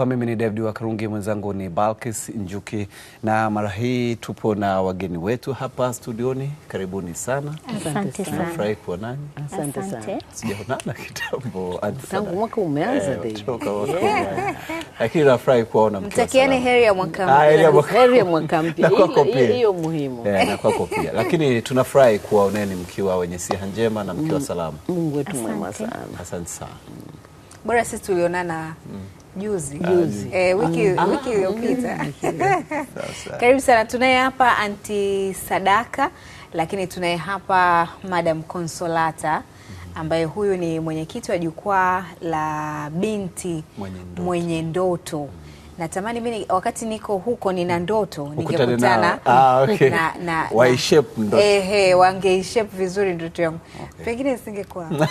hapa. Mimi ni David Wakarungi, mwenzangu ni Balkis Njuki, na mara hii tupo na wageni wetu hapa studioni. Karibuni sana, nafurahi kuwa nanyi. Sijaonana kitambo tangu mwaka eh, umeanza, lakini nafurahi kuwaona. Mtakieni ah, heri ya mwaka mpya, heri ya mwaka mpya, hiyo muhimu, eh, na kwako pia. Lakini tunafurahi kuwaoneni mkiwa wenye siha njema na mkiwa mm. salama. Mungu wetu mwema sana, asante sana. Bora sisi tulionana mm. Ah, juzi juzi, eh, wiki ah, wiki iliyopita. Karibu sana. Tunaye hapa anti Sadaka, lakini tunaye hapa madam Consolata mhm. ambaye huyu ni mwenyekiti wa jukwaa la binti mwenye ndoto, mwenye ndoto. Mm natamani mimi wakati niko huko nina ndoto ningekutana ah, okay. na, na, ndoto vizuri ndoto yangu okay. Pengine isingekuwa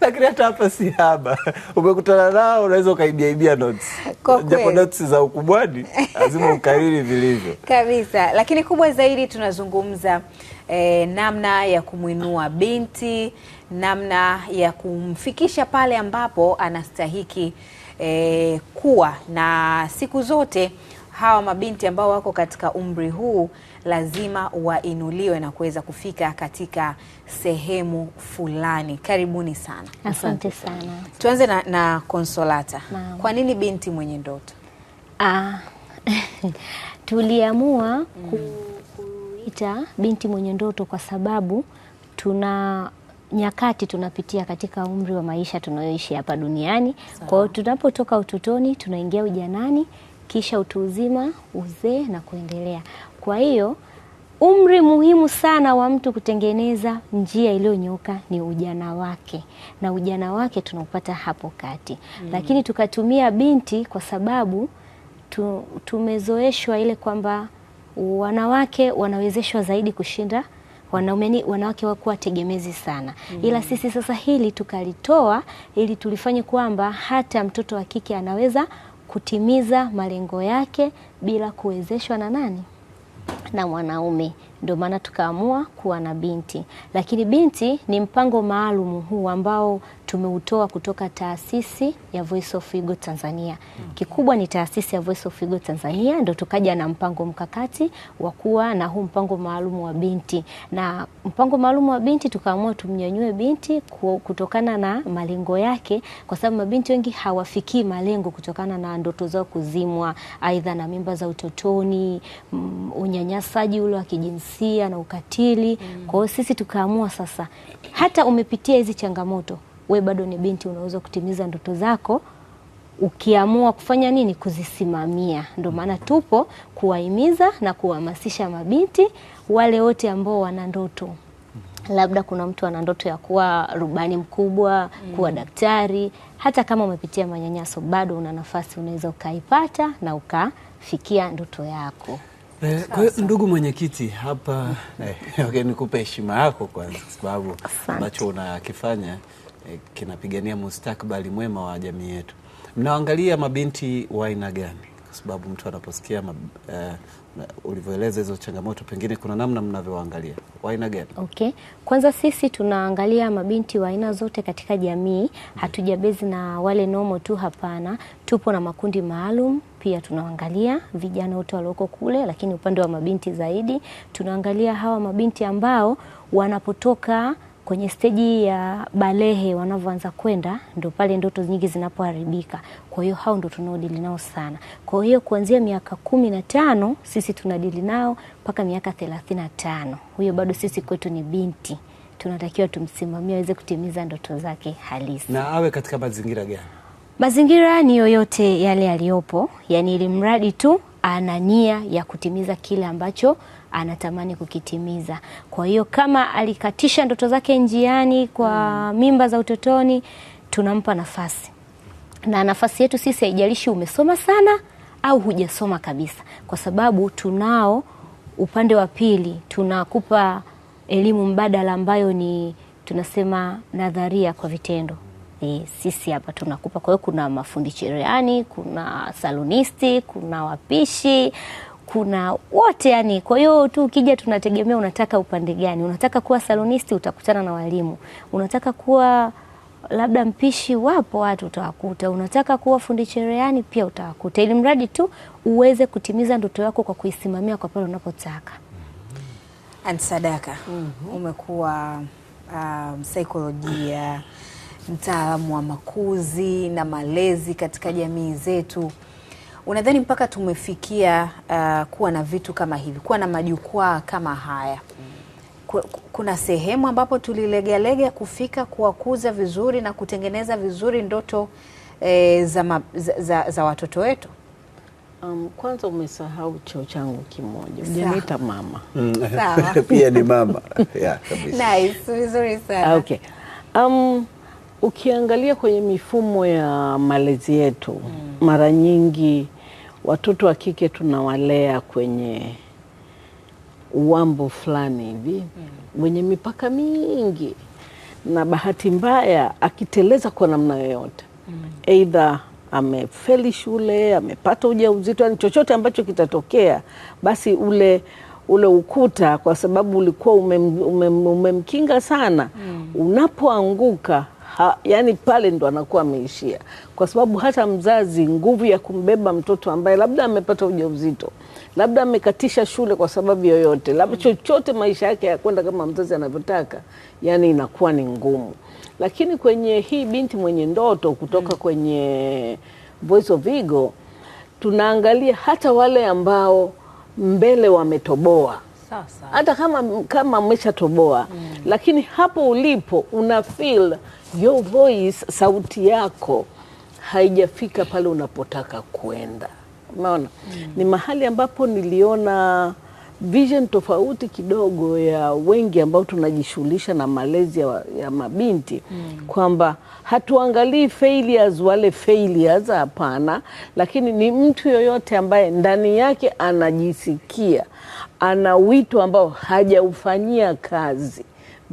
lakini hata hapa si haba, umekutana nao unaweza ukaibiaibia notes, japo notes za ukubwani lazima ukariri vilivyo kabisa. Lakini kubwa zaidi tunazungumza eh, namna ya kumwinua binti, namna ya kumfikisha pale ambapo anastahiki e, kuwa na siku zote hawa mabinti ambao wako katika umri huu lazima wainuliwe na kuweza kufika katika sehemu fulani. Karibuni sana. Asante sana. Tuanze na, na Konsolata. Kwa nini binti mwenye ndoto? Ah, tuliamua mm. kuita binti mwenye ndoto kwa sababu tuna nyakati tunapitia katika umri wa maisha tunayoishi hapa duniani. Kwa hiyo tunapotoka utotoni tunaingia ujanani, kisha utu uzima, uzee na kuendelea. Kwa hiyo umri muhimu sana wa mtu kutengeneza njia iliyonyoka ni ujana wake, na ujana wake tunaupata hapo kati mm. Lakini tukatumia binti kwa sababu tu, tumezoeshwa ile kwamba wanawake wanawezeshwa zaidi kushinda wanaume wanawake wakuwa tegemezi sana mm. Ila sisi sasa hili tukalitoa ili tulifanye kwamba hata mtoto wa kike anaweza kutimiza malengo yake bila kuwezeshwa na nani na mwanaume. Ndio maana tukaamua kuwa na binti, lakini binti ni mpango maalum huu ambao tumeutoa kutoka taasisi ya Voice of Figo Tanzania. Kikubwa ni taasisi ya Voice of Figo Tanzania ndio tukaja na mpango mkakati wa kuwa na huu mpango maalum wa binti, na mpango maalum wa binti tukaamua tumnyanyue binti kutokana na malengo yake, kwa sababu mabinti wengi hawafikii malengo kutokana na ndoto zao kuzimwa, aidha na mimba za utotoni, mm, unyanyasaji ule wa kijinsia na ukatili. Mm. Kwa hiyo sisi tukaamua sasa, hata umepitia hizi changamoto we bado ni binti, unaweza kutimiza ndoto zako ukiamua kufanya nini, kuzisimamia. Ndio maana tupo kuwahimiza na kuhamasisha mabinti wale wote ambao wana ndoto labda kuna mtu ana ndoto ya kuwa rubani mkubwa, mm. kuwa daktari. Hata kama umepitia manyanyaso, bado una nafasi, unaweza ukaipata na ukafikia ndoto yako. Eh, kwa hiyo ndugu mwenyekiti hapa eh, okay, nikupe heshima yako kwanza, kwa sababu ambacho unakifanya e, kinapigania mustakabali mwema wa jamii yetu. Mnaangalia mabinti wa aina gani? Kwa sababu mtu anaposikia uh, ulivyoeleza hizo changamoto, pengine kuna namna mnavyoangalia wa aina gani? Okay, kwanza sisi tunaangalia mabinti wa aina zote katika jamii, mhm. hatujabezi na wale nomo tu, hapana. Tupo na makundi maalum pia tunaangalia vijana wote walioko kule, lakini upande wa mabinti zaidi tunaangalia hawa mabinti ambao wanapotoka kwenye steji ya balehe wanavyoanza kwenda, ndo pale ndoto nyingi zinapoharibika. Kwa hiyo hao ndo tunaodili nao sana. Kwa hiyo kuanzia miaka kumi na tano sisi tunadili nao mpaka miaka thelathini na tano. Huyo bado sisi kwetu ni binti, tunatakiwa tumsimamie aweze kutimiza ndoto zake halisi. Na awe katika mazingira gani? Mazingira ni yoyote yale yaliyopo, yani ili mradi tu ana nia ya kutimiza kile ambacho anatamani kukitimiza. Kwa hiyo kama alikatisha ndoto zake njiani kwa mimba za utotoni, tunampa nafasi na nafasi yetu sisi, haijalishi umesoma sana au hujasoma kabisa, kwa sababu tunao upande wa pili, tunakupa elimu mbadala ambayo ni tunasema nadharia kwa vitendo. E, sisi hapa tunakupa. Kwa hiyo kuna mafundi cherehani, kuna salonisti, kuna wapishi kuna wote yani. Kwa hiyo tu ukija, tunategemea unataka upande gani. Unataka kuwa salonisti, utakutana na walimu. Unataka kuwa labda mpishi, wapo watu utawakuta. Unataka kuwa fundi cherehani, pia utawakuta, ili mradi tu uweze kutimiza ndoto yako kwa kuisimamia kwa pale unapotaka. And Sadaka, mm -hmm. umekuwa uh, saikolojia, mtaalamu wa makuzi na malezi katika jamii zetu unadhani mpaka tumefikia uh, kuwa na vitu kama hivi, kuwa na majukwaa kama haya, kuna sehemu ambapo tulilegalega kufika kuwakuza vizuri na kutengeneza vizuri ndoto e, za, ma, za, za, za watoto wetu? Um, kwanza umesahau cheo changu kimoja, hujaniita mama. Mm. Pia ni mama yeah, nice, vizuri sana okay. Um, ukiangalia kwenye mifumo ya malezi yetu mm. mara nyingi watoto wa kike tunawalea kwenye uwambo fulani hivi mm. mwenye mipaka mingi, na bahati mbaya akiteleza kwa namna yoyote, aidha mm. amefeli shule, amepata ujauzito, yani chochote ambacho kitatokea, basi ule ule ukuta, kwa sababu ulikuwa umemkinga ume, ume sana, mm. unapoanguka ha, yani pale ndo anakuwa ameishia, kwa sababu hata mzazi nguvu ya kumbeba mtoto ambaye labda amepata ujauzito, labda amekatisha shule kwa sababu yoyote, labda mm. chochote maisha yake yakwenda kama mzazi anavyotaka, yani inakuwa ni ngumu. Lakini kwenye hii binti mwenye ndoto kutoka mm. kwenye Voice of Eagle tunaangalia hata wale ambao mbele wametoboa hata kama kama umeshatoboa mm. Lakini hapo ulipo una feel your voice, sauti yako haijafika pale unapotaka kwenda, umeona mm. Ni mahali ambapo niliona vision tofauti kidogo ya wengi ambao tunajishughulisha na malezi ya, ya mabinti mm. Kwamba hatuangalii failures wale failures, hapana, lakini ni mtu yoyote ambaye ndani yake anajisikia ana wito ambao hajaufanyia kazi,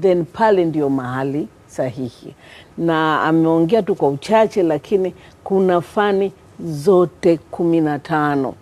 then pale ndio mahali sahihi. Na ameongea tu kwa uchache, lakini kuna fani zote kumi na tano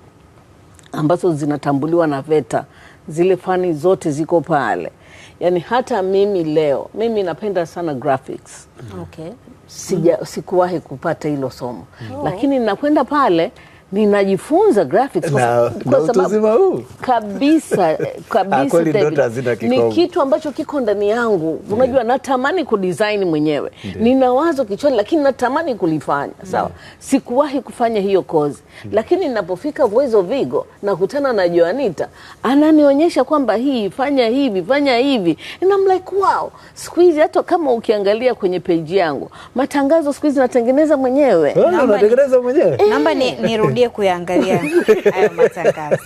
ambazo zinatambuliwa na VETA. Zile fani zote ziko pale. Yani hata mimi leo, mimi napenda sana graphics. Okay. Sija, sikuwahi kupata hilo somo. Mm. Lakini nakwenda pale ninajifunza graphics kwa sababu kabisa ah, kabisa ni kitu ambacho kiko ndani yangu. Unajua yeah. Natamani kudesign mwenyewe yeah. Nina wazo kichwani, lakini natamani kulifanya sawa yeah. Sikuwahi kufanya hiyo kozi mm. Lakini ninapofika Voice of Vigo nakutana na Joanita ananionyesha kwamba hii fanya hivi fanya hivi and I'm like wow, siku hizi hata kama ukiangalia kwenye page yangu matangazo siku hizi natengeneza mwenyewe, natengeneza mwenyewe namba ni eh nisaidie kuyaangalia hayo matangazo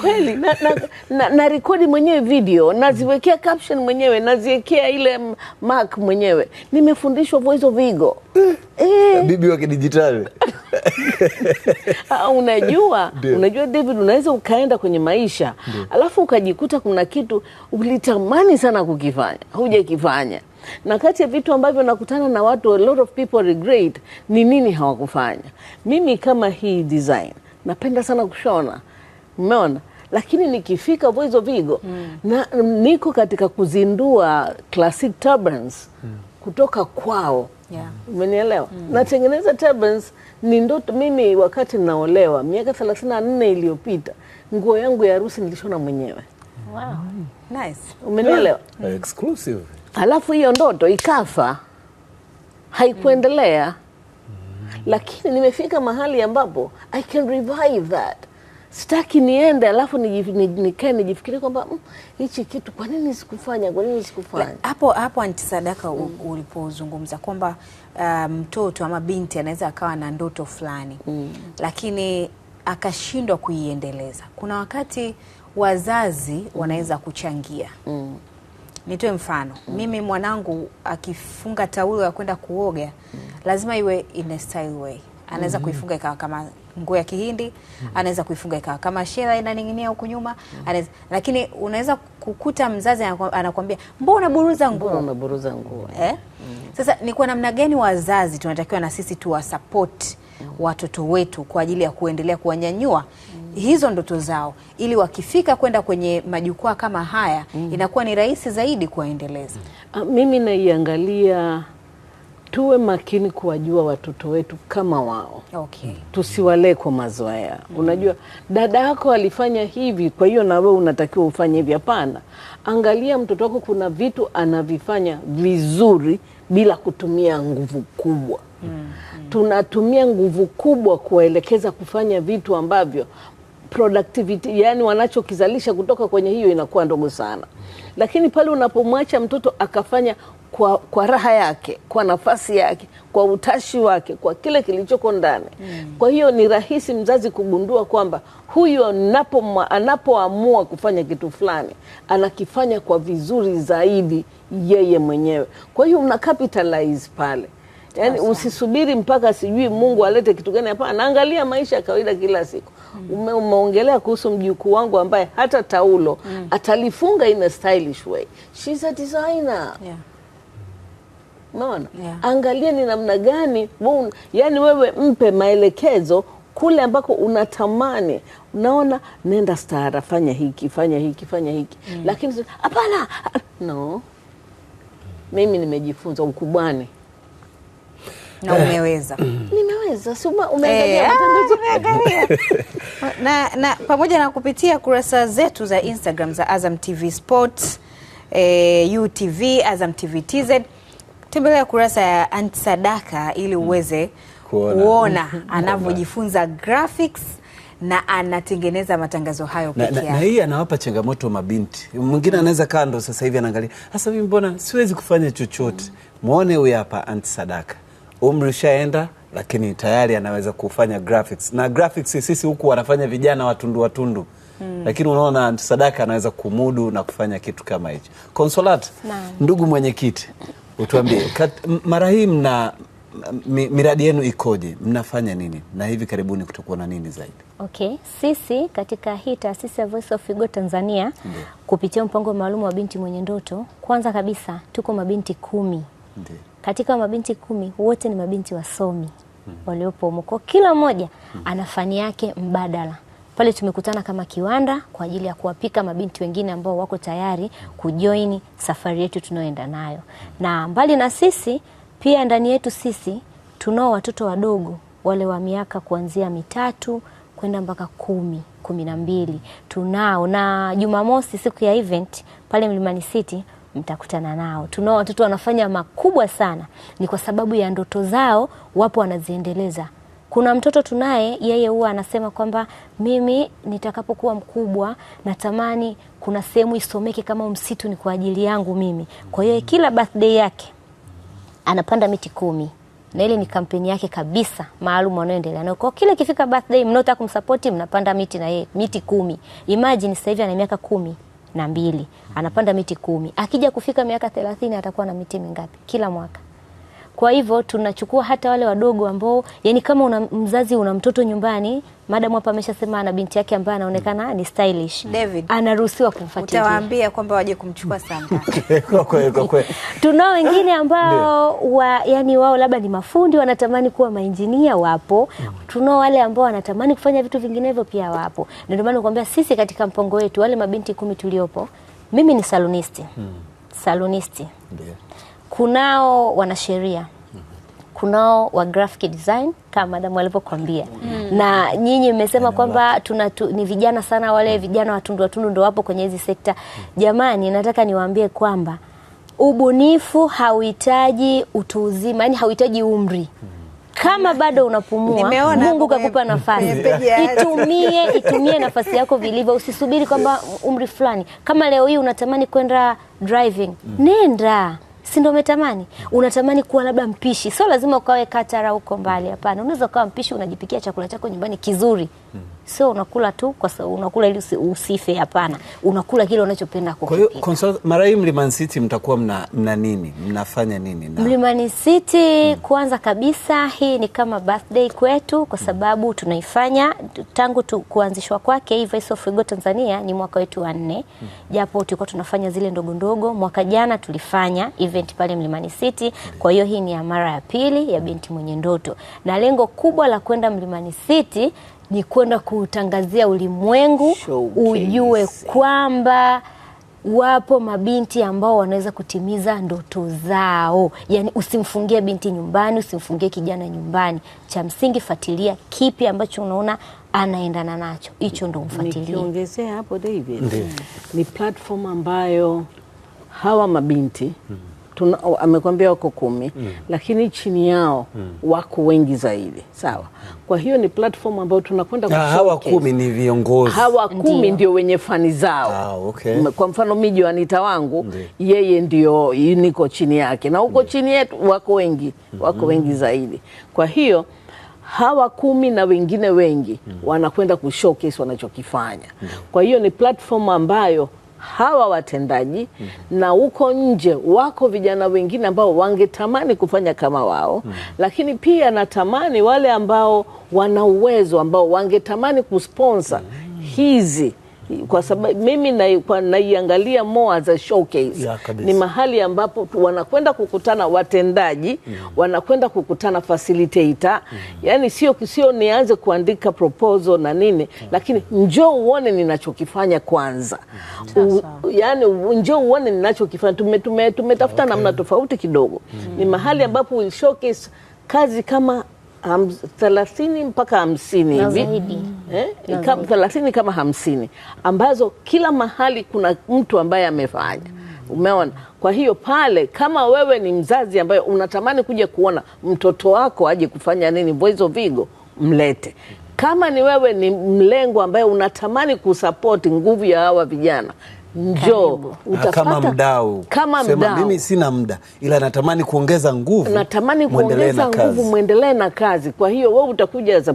kweli, na, na, na, na rekodi mwenyewe video, naziwekea caption mwenyewe, naziwekea ile mark mwenyewe. Nimefundishwa voice of ego eh, eh. bibi wa kidijitali Ah, unajua Deo. Unajua David, unaweza ukaenda kwenye maisha Deo. Alafu ukajikuta kuna kitu ulitamani sana kukifanya hujakifanya, na kati ya vitu ambavyo nakutana na watu a lot of people regret ni nini hawakufanya. Mimi kama hii design napenda sana kushona, umeona lakini nikifika Voice of Eagle mm. na niko katika kuzindua Classic Turbans mm. kutoka kwao yeah. Umenielewa? mm. Natengeneza turbans ni ndoto mimi. Wakati naolewa miaka thelathini na nne iliyopita nguo yangu ya harusi nilishona mwenyewe. wow. mm. Nice. Umenielewa? mm. Exclusive. Alafu hiyo ndoto ikafa, haikuendelea. mm. Lakini nimefika mahali ambapo I can revive that sitaki niende, alafu nikae nijifikiri kwamba mm, hichi kitu kwa nini sikufanya, kwa nini sikufanya. Hapo hapo Anti Sadaka mm, ulipozungumza kwamba uh, mtoto um, ama binti anaweza akawa na ndoto fulani mm, lakini akashindwa kuiendeleza. Kuna wakati wazazi mm. wanaweza kuchangia mm. Nitoe mfano mm. Mimi mwanangu akifunga taulo ya kwenda kuoga mm. lazima iwe in a style way, anaweza mm -hmm. kuifunga ikawa kama nguo ya Kihindi mm -hmm. anaweza kuifunga ikawa kama shela inaning'inia huku nyuma mm -hmm. anaweza, lakini unaweza kukuta mzazi anakwambia mbona buruza nguo, mbona nguo eh? mm -hmm. Sasa ni kwa namna gani wazazi tunatakiwa na sisi tuwasapoti mm -hmm. watoto wetu kwa ajili ya kuendelea kuwanyanyua mm -hmm. hizo ndoto zao ili wakifika kwenda kwenye majukwaa kama haya mm inakuwa ni rahisi zaidi kuwaendeleza. Ah, mimi naiangalia tuwe makini kuwajua watoto wetu kama wao. Okay. Tusiwalee kwa mazoea. Mm. Unajua dada yako alifanya hivi, kwa hiyo nawe unatakiwa ufanye hivi. Hapana, angalia mtoto wako, kuna vitu anavifanya vizuri bila kutumia nguvu kubwa. Mm, mm. Tunatumia nguvu kubwa kuwaelekeza kufanya vitu ambavyo productivity yani, wanachokizalisha kutoka kwenye hiyo inakuwa ndogo sana, lakini pale unapomwacha mtoto akafanya kwa, kwa raha yake, kwa nafasi yake, kwa utashi wake, kwa kile kilichoko ndani mm. Kwa hiyo ni rahisi mzazi kugundua kwamba huyu anapoamua kufanya kitu fulani anakifanya kwa vizuri zaidi yeye mwenyewe. Kwa hiyo una capitalize pale, yani usisubiri mpaka sijui Mungu alete kitu gani. Hapa anaangalia maisha ya kawaida kila siku mm. Ume, umeongelea kuhusu mjukuu wangu ambaye hata taulo mm. atalifunga in a stylish way. She's a designer yeah. Unaona? Yeah. Angalia ni namna gani wewe, yani wewe mpe maelekezo kule ambako unatamani, unaona, nenda stara, fanya hiki, fanya hiki, fanya hiki mm. Lakini hapana, no, mimi nimejifunza ukubwani na eh. umeweza nimeweza, si umeangalia eh. na, na pamoja na kupitia kurasa zetu za Instagram za Azam TV Sports, eh, UTV, Azam TV TZ tembelea kurasa ya Antisadaka Sadaka ili mm. uweze mm-hmm. kuona anavyojifunza graphics na anatengeneza matangazo hayo pekee yake. Na, na hii anawapa changamoto mabinti. Mwingine anaweza kando sasa hivi anaangalia, sasa mimi mbona siwezi kufanya chochote? Muone mm. huyu hapa Antisadaka, Sadaka, umri ushaenda lakini tayari anaweza kufanya graphics na graphics sisi huku wanafanya vijana watundu watundu Hmm. Lakini unaona Antisadaka anaweza kumudu na kufanya kitu kama hicho. Consolata, ndugu mwenyekiti Utuambie mara hii mna miradi yenu ikoje? Mnafanya nini na hivi karibuni kutakuwa na nini zaidi? Okay, sisi katika hii taasisi ya Voice of Figo Tanzania Nde. kupitia mpango maalum wa binti mwenye ndoto, kwanza kabisa tuko mabinti kumi Nde. katika mabinti kumi wote ni mabinti wasomi hmm. waliopo humo, kila mmoja hmm. ana fani yake mbadala pale tumekutana kama kiwanda kwa ajili ya kuwapika mabinti wengine ambao wako tayari kujoin safari yetu tunayoenda nayo, na mbali na sisi pia ndani yetu sisi tunao watoto wadogo wale wa miaka kuanzia mitatu kwenda mpaka kumi kumi na mbili tunao, na Jumamosi siku ya event pale Mlimani City mtakutana nao. Tunao watoto wanafanya makubwa sana, ni kwa sababu ya ndoto zao, wapo wanaziendeleza. Kuna mtoto tunaye, yeye huwa anasema kwamba mimi nitakapokuwa mkubwa natamani kuna sehemu isomeke kama msitu ni kwa ajili yangu mimi. Kwa hiyo kila birthday yake anapanda miti kumi na ile ni kampeni yake kabisa maalum anayoendelea nayo. Kwa kila ikifika birthday, mnaotaka kumsapoti mnapanda miti na yeye miti kumi. Imagine sasa hivi ana miaka kumi na mbili anapanda miti kumi. Akija kufika miaka thelathini atakuwa na miti mingapi kila mwaka? Kwa hivyo tunachukua hata wale wadogo ambao, yani kama una mzazi una mtoto nyumbani, madam hapa ameshasema ana binti yake ambaye anaonekana ni stylish, David anaruhusiwa kumfuatilia. Utawaambia kwamba waje kumchukua sana. tunao wengine ambao wa, yani wao labda ni mafundi wanatamani kuwa mainjinia, wapo. Tunao wale ambao wanatamani kufanya vitu vinginevyo, pia wapo. Ndio maana nakwambia sisi katika mpongo wetu wale mabinti kumi tuliopo, mimi ni salonisti, hmm. salonisti yeah kunao wanasheria kunao wa graphic design kama madam alivyokuambia mm. na nyinyi mmesema kwamba tuna tu, ni vijana sana wale mm. vijana watundu watundu ndo wapo kwenye hizi sekta mm. jamani nataka niwaambie kwamba ubunifu hauhitaji utu uzima yani hauhitaji umri mm. kama bado unapumua Mungu kakupa nafasi itumie itumie nafasi yako vilivyo usisubiri kwamba umri fulani kama leo hii unatamani kwenda driving mm. nenda si ndio umetamani? Unatamani kuwa labda mpishi, sio lazima ukawe Katara huko mbali, hapana. Unaweza ukawa mpishi, unajipikia chakula chako nyumbani kizuri hmm sio unakula tu kwa sababu unakula ili usife. Hapana, unakula kile unachopenda kukipika. Kwa hiyo mara hii Mlimani City mtakuwa mna, mna nini mnafanya nini na? Mlimani City mm. Kwanza kabisa hii ni kama birthday kwetu kwa hmm. sababu tunaifanya tangu tu kuanzishwa kwake hii Voice of Tanzania ni mwaka wetu wa nne mm. Japo tulikuwa tunafanya zile ndogo ndogo, mwaka jana tulifanya event pale Mlimani City. Hmm. Kwa hiyo hii ni ya mara ya pili ya binti mwenye ndoto, na lengo kubwa la kwenda Mlimani City ni kwenda kuutangazia ulimwengu Ujue kwamba wapo mabinti ambao wanaweza kutimiza ndoto zao. yani usimfungie binti nyumbani, usimfungie kijana nyumbani. Cha msingi fatilia kipi ambacho unaona anaendana nacho, hicho ndo mfuatilie. Nikiongezea hapo David, ni platform ambayo hawa mabinti mm -hmm tuna, amekwambia wako kumi mm. lakini chini yao mm. wako wengi zaidi sawa. Kwa hiyo ni platform ambayo tunakwenda ha, ah, hawa kumi ni viongozi, hawa kumi ndio wenye fani zao ah, okay. Kwa mfano mi Joanita wangu Ndi. yeye ndio niko chini yake na huko chini yetu wako wengi mm-hmm. wako mm wengi zaidi, kwa hiyo hawa kumi na wengine wengi mm. wanakwenda kushowcase wanachokifanya mm. Kwa hiyo ni platform ambayo hawa watendaji mm -hmm. na huko nje wako vijana wengine ambao wangetamani kufanya kama wao mm -hmm. lakini pia natamani wale ambao wana uwezo ambao wangetamani kusponsor mm -hmm. hizi kwa sababu mimi naiangalia more as a showcase ya, ni mahali ambapo wanakwenda kukutana watendaji mm. wanakwenda kukutana facilitator mm. yani sio, sio nianze kuandika proposal na nini mm. lakini njoo uone ninachokifanya kwanza mm. U, yani njoo uone ninachokifanya tumetafuta tume, tume, okay. namna tofauti kidogo mm. ni mahali ambapo we'll showcase kazi kama thelathini mpaka hamsini hivi eh, thelathini kama hamsini ambazo kila mahali kuna mtu ambaye amefanya umeona. Kwa hiyo pale, kama wewe ni mzazi ambaye unatamani kuja kuona mtoto wako aje kufanya nini voizo vigo mlete kama ni wewe ni mlengo ambaye unatamani kusapoti nguvu ya hawa vijana, njoo utapata kama mdau. Kama mdau. Mimi sina muda ila natamani kuongeza nguvu, natamani kuongeza nguvu, mwendelee na kazi. Kwa hiyo wewe utakuja as a,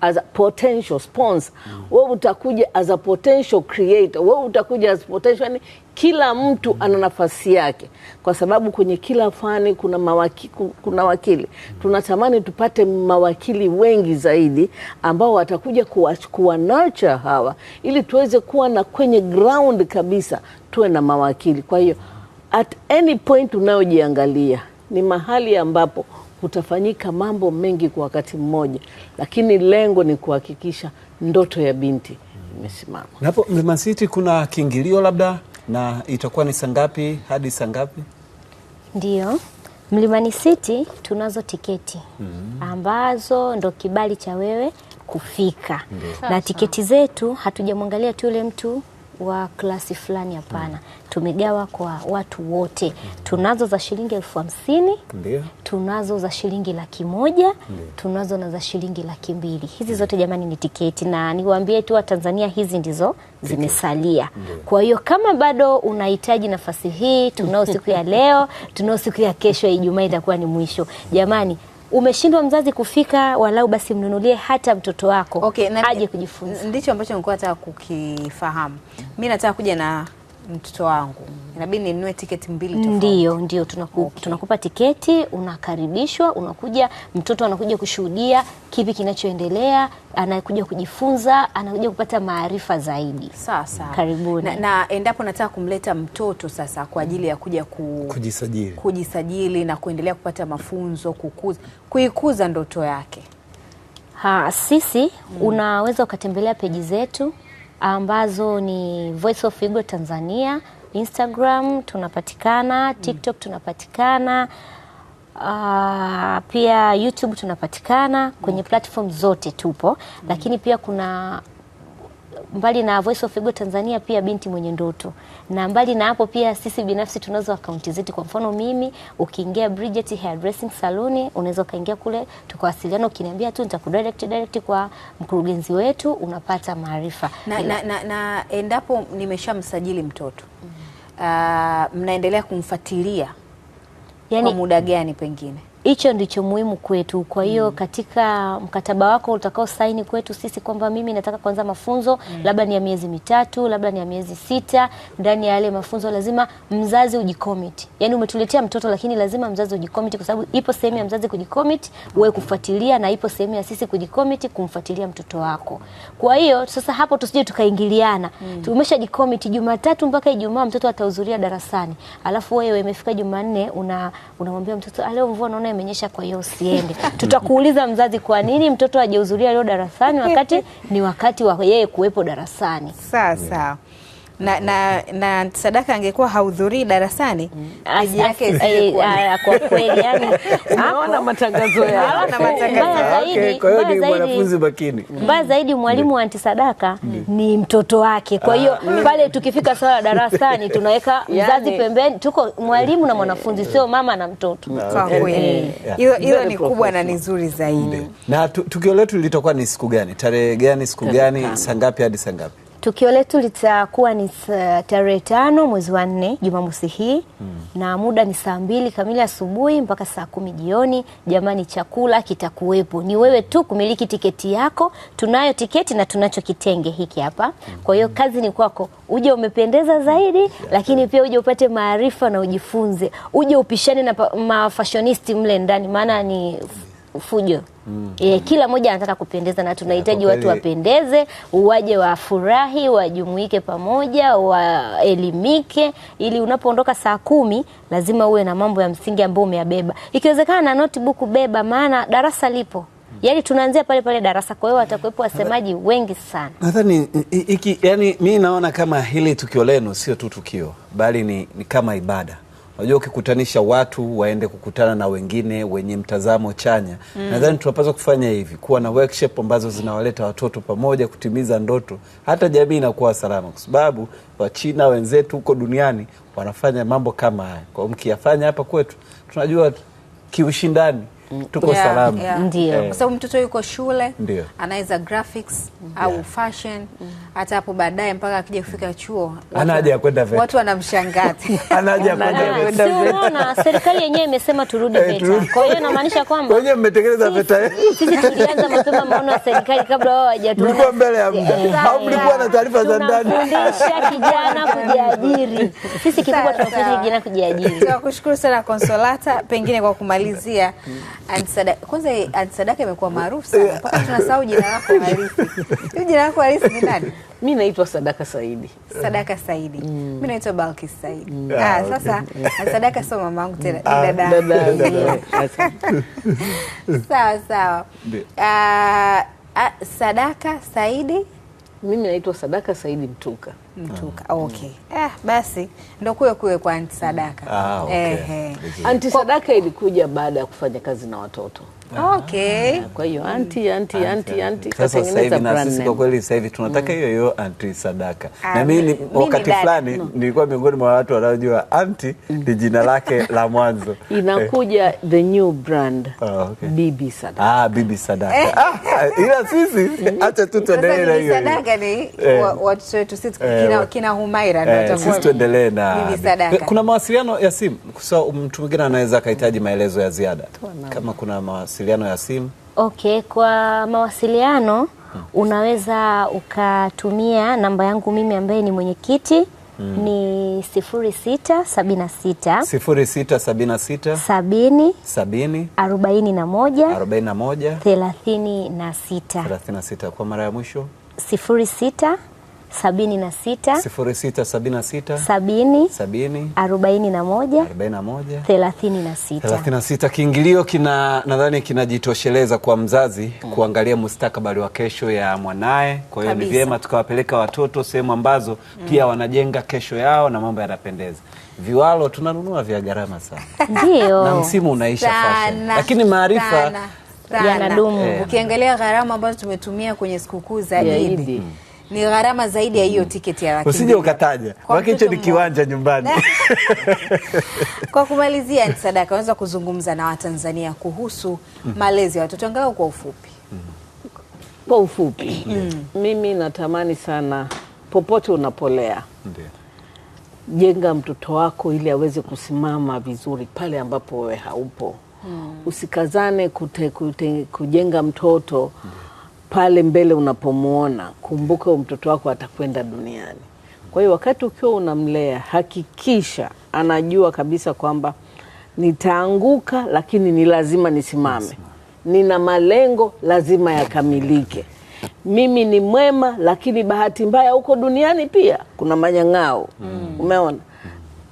as a potential sponsor mm. Wewe utakuja as a potential creator, wewe utakuja as potential, yani kila mtu ana nafasi yake, kwa sababu kwenye kila fani kuna mawaki, kuna wakili. Tunatamani tupate mawakili wengi zaidi ambao watakuja kuwachukua nurture hawa, ili tuweze kuwa na kwenye ground kabisa, tuwe na mawakili. Kwa hiyo at any point unayojiangalia ni mahali ambapo kutafanyika mambo mengi kwa wakati mmoja, lakini lengo ni kuhakikisha ndoto ya binti imesimama. Hapo City kuna kiingilio labda na itakuwa ni saa ngapi hadi saa ngapi? Ndio, Mlimani City tunazo tiketi mm -hmm. ambazo ndo kibali cha wewe kufika Ndiyo. na tiketi zetu hatujamwangalia tu yule mtu wa klasi fulani, hapana. Tumegawa kwa watu wote. Tunazo za shilingi elfu hamsini tunazo za shilingi laki moja tunazo na za shilingi laki mbili Hizi zote jamani ni tiketi, na niwaambie tu Watanzania, hizi ndizo zimesalia. Kwa hiyo kama bado unahitaji nafasi hii, tunao siku ya leo, tunao siku ya kesho Ijumaa itakuwa ni mwisho jamani umeshindwa mzazi kufika, walau basi mnunulie hata mtoto wako okay, aje kujifunza. Ndicho ambacho nilikuwa nataka kukifahamu. Mimi nataka kuja na mtoto wangu inabidi ninunue tiketi mbili tofauti. Ndio, ndio tunaku, okay. Tunakupa tiketi, unakaribishwa, unakuja, mtoto anakuja kushuhudia kipi kinachoendelea, anakuja kujifunza, anakuja kupata maarifa zaidi. Sasa karibuni na, na endapo nataka kumleta mtoto sasa kwa ajili ya kuja ku, kujisajili, kujisajili na kuendelea kupata mafunzo, kukuza, kuikuza ndoto yake ha, sisi hmm. Unaweza ukatembelea peji zetu ambazo ni Voice of Eagle Tanzania, Instagram tunapatikana, TikTok tunapatikana, Uh, pia YouTube tunapatikana kwenye platform zote tupo, mm Lakini pia kuna mbali na Voice of Ego Tanzania pia Binti Mwenye Ndoto, na mbali na hapo pia sisi binafsi tunazo akaunti zetu. Kwa mfano mimi, ukiingia Bridget Hairdressing Salon unaweza ukaingia kule tukawasiliana, ukiniambia tu nitakudirect direct kwa mkurugenzi wetu, unapata maarifa na, na, na, na endapo nimeshamsajili mtoto mm -hmm. Uh, mnaendelea kumfuatilia yani, kwa muda gani pengine hicho ndicho muhimu kwetu. Kwa hiyo mm. katika mkataba wako utakao saini kwetu sisi kwamba mimi nataka kuanza mafunzo mm. labda ni ya miezi mitatu, labda ni ya miezi sita. Ndani ya yale mafunzo lazima mzazi ujikomiti. Yani umetuletea mtoto, lakini lazima mzazi ujikomiti, kwa sababu ipo sehemu ya mzazi kujikomiti, wewe kufuatilia, na ipo sehemu ya sisi kujikomiti, kumfuatilia mtoto wako. Kwa hiyo sasa hapo tusije tukaingiliana mm. tumeshajikomiti, Jumatatu mpaka Ijumaa mtoto atahudhuria darasani, alafu wewe imefika Jumanne unamwambia mtoto, ah, leo mvua naona mvua imenyesha, kwa hiyo usiende. Tutakuuliza mzazi, kwa nini mtoto hajahudhuria leo darasani wakati ni wakati wa yeye kuwepo darasani? Sawa sawa na, na, na Sadaka angekuwa hahudhurii darasani mm. kazi yake kwa kweli, yani matangazo zaidi. Mm. Mbaya zaidi mwalimu wa anti Sadaka mm. ni mtoto wake, kwa hiyo ah. pale tukifika swala darasani tunaweka mzazi pembeni, tuko mwalimu na mwanafunzi, sio mama na mtoto. Ah, eh, eh. hiyo ni kubwa na ni nzuri zaidi. Na tukio letu litakuwa ni siku gani, tarehe gani, siku gani, saa ngapi hadi saa ngapi? Tukio letu litakuwa ni eh, tarehe tano mwezi wa nne Jumamosi hii hmm. na muda ni saa mbili kamili asubuhi mpaka saa kumi jioni. Jamani, chakula kitakuwepo, ni wewe tu kumiliki tiketi yako. Tunayo tiketi na tunacho kitenge hiki hapa. Kwa hiyo hmm. kazi ni kwako, uje umependeza zaidi, hmm. lakini pia uje upate maarifa na ujifunze, uje upishane na mafashonisti mle ndani, maana ni fujo mm. E, kila mmoja anataka kupendeza na tunahitaji watu wapendeze, waje wafurahi, wajumuike pamoja, waelimike, ili unapoondoka saa kumi lazima uwe na mambo ya msingi ambayo umeyabeba. Ikiwezekana na notebook beba, maana darasa lipo Yaani tunaanzia pale pale darasa, kwa hiyo watakuwepo wasemaji wengi sana. Nadhani iki, yani mi naona kama hili tukio lenu sio tu tukio, bali ni, ni kama ibada. Unajua, ukikutanisha watu waende kukutana na wengine wenye mtazamo chanya mm. Nadhani tunapaswa kufanya hivi, kuwa na workshop ambazo zinawaleta watoto pamoja kutimiza ndoto, hata jamii inakuwa salama, kwa sababu Wachina wenzetu huko duniani wanafanya mambo kama haya. kwao mkiyafanya hapa kwetu, tunajua kiushindani tuko yeah, salama yeah. Eh. Ndio, kwa sababu mtoto yuko shule Ndiyo. anaweza graphics au yeah. fashion hata hapo baadaye mpaka akija kufika chuo anaja kwenda VETA, watu wanamshangati anaja kwenda VETA. unaona serikali yenyewe imesema turudi eh, VETA, kwa hiyo inamaanisha kwamba wenyewe mmetekeleza VETA yenu. Sisi tulianza mapema maono ya serikali kabla wao hawajatoka, mlikuwa mbele ya muda eh, au mlikuwa na taarifa za ndani? Tunafundisha kijana kujiajiri, sisi kikubwa tunafundisha kijana kujiajiri. Tunakushukuru sana Consolata, pengine kwa kumalizia kwanza Aunt Sadaka imekuwa maarufu sana mpaka tunasahau jina lako halisi. Jina lako halisi ni nani? Mi naitwa Sadaka Saidi. Sadaka Saidi. Mm. Mi naitwa Balkis Saidi. Mm. Ah, ah sasa Sadaka sio mamangu tena, ni ah, dada. Sawa sawa. Ah, Sadaka Saidi. Mimi naitwa Sadaka Saidi Mtuka. Mtuka. Okay. Eh, basi ndo kuwe kuwe kwa Anti Sadaka. Ah, okay. Eh, Anti Sadaka ilikuja baada ya kufanya kazi na watoto. Okay. Ah, kwa hiyo anti anti anti anti kwa kweli sasa hivi tunataka hiyo mm. hiyo anti Sadaka. Na ah, mimi wakati fulani mm. nilikuwa miongoni mwa watu wanaojua anti mm. ni jina lake la mwanzo. Inakuja the new brand. Ah, Bibi Sadaka. Ah, Bibi Sadaka. Eh. Ah, ila sisi acha tu tuendelee na hiyo. Sadaka ni eh. watu wetu sisi eh kina, Humaira eh, sisi tuendelee na eh, kuna mawasiliano ya simu, kwa um, mtu mwingine anaweza akahitaji maelezo ya ziada kama kuna mawasiliano ya simu. Okay, kwa mawasiliano hmm, unaweza ukatumia namba yangu mimi ambaye ni mwenyekiti Hmm. Ni sifuri Kwa mara ya mwisho sabini na sita sifuri sita sabini na sita sabini sabini arobaini na moja arobaini na moja thelathini na sita thelathini na sita. Kiingilio kina nadhani kinajitosheleza kwa mzazi mm. kuangalia mustakabali wa kesho ya mwanaye. Kwa hiyo ni vyema tukawapeleka watoto sehemu ambazo mm. pia wanajenga kesho yao na mambo yanapendeza. Viwalo tunanunua vya gharama sana ndio, na msimu unaisha fashion, lakini maarifa yanadumu. Eh. Ukiangalia gharama ambazo tumetumia kwenye sikukuu za Idi ni gharama zaidi ya hiyo tiketi ya lakini Usije ukataja wake, hicho ni kiwanja nyumbani. Kwa kumalizia, Sadaka, unaweza kuzungumza na Watanzania kuhusu malezi ya watoto angalau kwa ufupi? Kwa ufupi, mm. mimi natamani sana popote unapolea Ndiyo. Jenga mtoto wako ili aweze kusimama vizuri pale ambapo wewe haupo. Hmm. Usikazane kute, kute, kujenga mtoto hmm pale mbele unapomwona, kumbuka mtoto wako atakwenda duniani. Kwa hiyo wakati ukiwa unamlea, hakikisha anajua kabisa kwamba nitaanguka, lakini ni lazima nisimame, nina malengo lazima yakamilike. Mimi ni mwema, lakini bahati mbaya huko duniani pia kuna manyang'ao mm. Umeona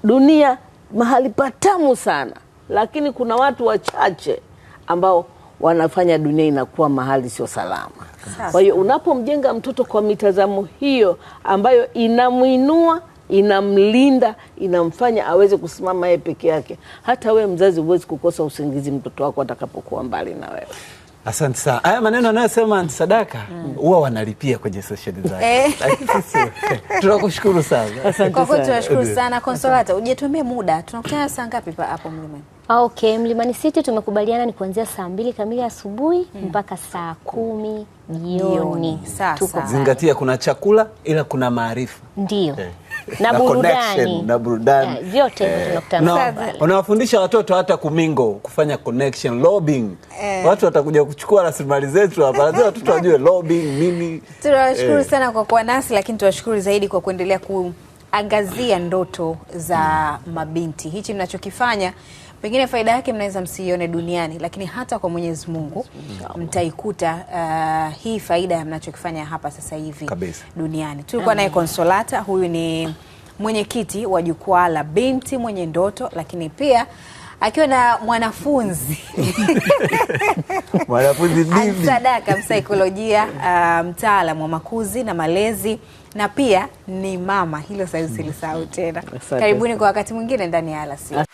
dunia mahali patamu sana, lakini kuna watu wachache ambao wanafanya dunia inakuwa mahali sio salama. Kwa hiyo unapomjenga mtoto kwa mitazamo hiyo ambayo inamwinua inamlinda inamfanya aweze kusimama yeye peke yake. Hata we mzazi huwezi kukosa usingizi mtoto wako atakapokuwa mbali na wewe. Asante sana. Haya maneno anayosema anti Sadaka mm. huwa mm. wanalipia kwenye social eh. design. Eh, tunakushukuru sana. Asante kwa kweli tunashukuru eh. sana Consolata. Ujitumie muda. Tunakutana saa ngapi hapo Mlimani? Okay, Mlimani City tumekubaliana ni kuanzia saa mbili kamili asubuhi mm. mpaka saa kumi jioni. Sasa. Tuko zingatia kuna chakula ila kuna maarifa. Ndio. Okay na, burudani na burudani eh, vyote eh, tunakutana Unawafundisha watoto hata kumingo kufanya connection lobbying eh. Watu watakuja kuchukua rasilimali zetu hapa, lazima watoto wajue lobbying mimi. Tunawashukuru eh, sana kwa kuwa nasi, lakini tunawashukuru zaidi kwa kuendelea kuangazia ndoto za mabinti. Hichi mnachokifanya pengine faida yake mnaweza msiione duniani, lakini hata kwa Mwenyezi Mungu mtaikuta uh, hii faida ya mnachokifanya hapa sasa hivi duniani. Tulikuwa naye Consolata, huyu ni mwenyekiti wa jukwaa la binti mwenye ndoto, lakini pia akiwa na mwanafunzi mwanafunzi Sadaka, msaikolojia uh, mtaalamu wa makuzi na malezi na pia ni mama. Hilo sahizi silisahau tena. Karibuni kwa wakati mwingine ndani ya Alasiri.